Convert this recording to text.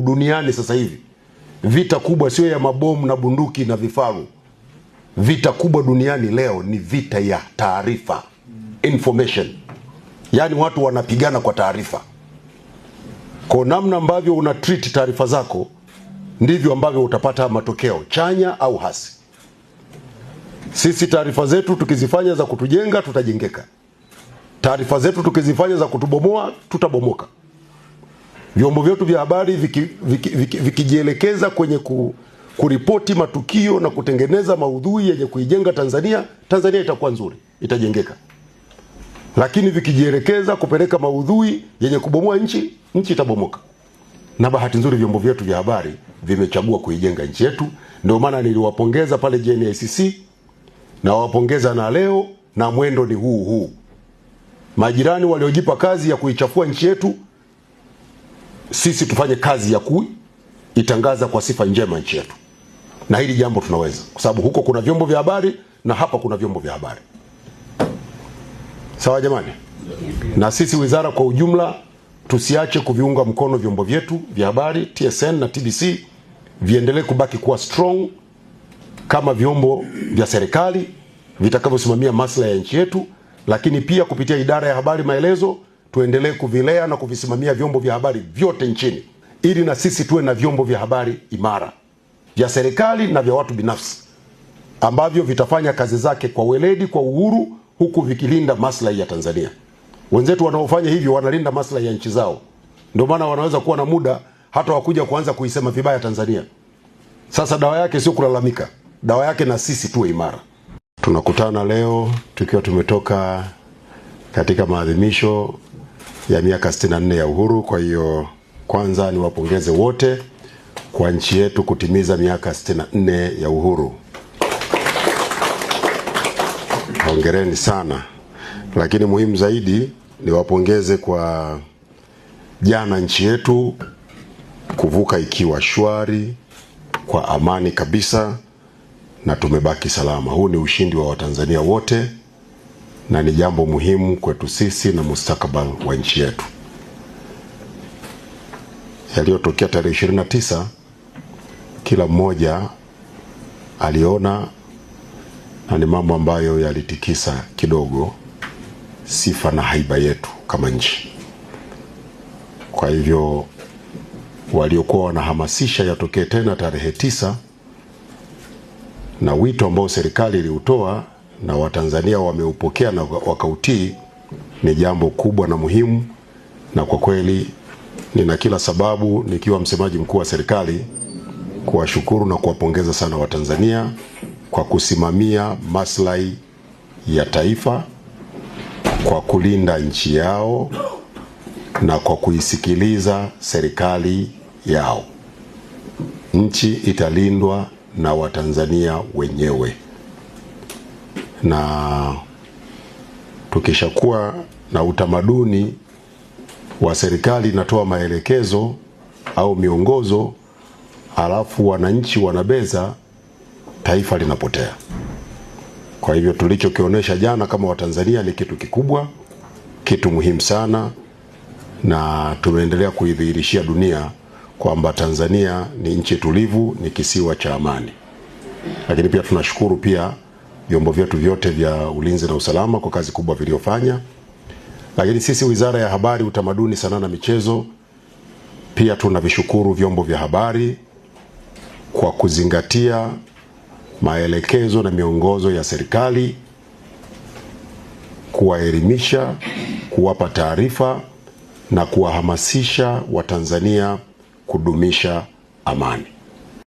duniani sasa hivi. Vita kubwa sio ya mabomu na bunduki na vifaru. Vita kubwa duniani leo ni vita ya taarifa, information, yaani watu wanapigana kwa taarifa. Kwa namna ambavyo una treat taarifa zako ndivyo ambavyo utapata matokeo chanya au hasi. Sisi taarifa zetu tukizifanya za kutujenga, tutajengeka. Taarifa zetu tukizifanya za kutubomoa, tutabomoka vyombo vyetu vya habari vikijielekeza viki, viki, viki kwenye ku, kuripoti matukio na kutengeneza maudhui yenye kuijenga Tanzania, Tanzania itakuwa nzuri, itajengeka. Lakini vikijielekeza kupeleka maudhui yenye kubomoa nchi, nchi itabomoka. Na bahati nzuri vyombo vyetu vya habari vimechagua kuijenga nchi yetu. Ndio maana niliwapongeza pale JNICC, nawapongeza na leo, na mwendo ni huu huu. Majirani waliojipa kazi ya kuichafua nchi yetu sisi tufanye kazi ya itangaza kwa sifa njema nchi yetu, na hili jambo tunaweza, kwa sababu huko kuna vyombo vya habari na hapa kuna vyombo vya habari. Sawa jamani, na sisi wizara kwa ujumla tusiache kuviunga mkono vyombo vyetu vya habari TSN na TBC viendelee kubaki kuwa strong kama vyombo vya serikali vitakavyosimamia maslahi ya nchi yetu, lakini pia kupitia idara ya habari maelezo tuendelee kuvilea na kuvisimamia vyombo vya habari vyote nchini ili na sisi tuwe na vyombo vya habari imara vya serikali na vya watu binafsi ambavyo vitafanya kazi zake kwa weledi, kwa uhuru, huku vikilinda maslahi ya Tanzania. Wenzetu wanaofanya hivyo wanalinda maslahi ya nchi zao, ndio maana wanaweza kuwa na muda hata wakuja kuanza kuisema vibaya Tanzania. Sasa dawa yake sio kulalamika, dawa yake na sisi tuwe imara. Tunakutana leo tukiwa tumetoka katika maadhimisho ya miaka 64 ya uhuru. Kwa hiyo kwanza niwapongeze wote kwa nchi yetu kutimiza miaka 64 ya uhuru, hongereni sana. Lakini muhimu zaidi niwapongeze kwa jana nchi yetu kuvuka ikiwa shwari kwa amani kabisa na tumebaki salama. Huu ni ushindi wa Watanzania wote na ni jambo muhimu kwetu sisi na mustakabali wa nchi yetu. Yaliyotokea tarehe 29, kila mmoja aliona na ni mambo ambayo yalitikisa kidogo sifa na haiba yetu kama nchi. Kwa hivyo waliokuwa wanahamasisha yatokee tena tarehe tisa na wito ambao serikali iliutoa na Watanzania wameupokea na wakautii ni jambo kubwa na muhimu, na kwa kweli nina kila sababu nikiwa msemaji mkuu wa serikali kuwashukuru na kuwapongeza sana Watanzania kwa kusimamia maslahi ya taifa, kwa kulinda nchi yao na kwa kuisikiliza serikali yao. Nchi italindwa na Watanzania wenyewe na tukishakuwa na utamaduni wa serikali inatoa maelekezo au miongozo, alafu wananchi wanabeza, taifa linapotea. Kwa hivyo tulichokionyesha jana kama Watanzania ni kitu kikubwa, kitu muhimu sana, na tumeendelea kuidhihirishia dunia kwamba Tanzania ni nchi tulivu, ni kisiwa cha amani. Lakini pia tunashukuru pia vyombo vyetu vyote vya ulinzi na usalama kwa kazi kubwa viliyofanya Lakini sisi Wizara ya Habari, Utamaduni, Sanaa na Michezo pia tunavishukuru vyombo vya habari kwa kuzingatia maelekezo na miongozo ya serikali, kuwaelimisha, kuwapa taarifa na kuwahamasisha Watanzania kudumisha amani.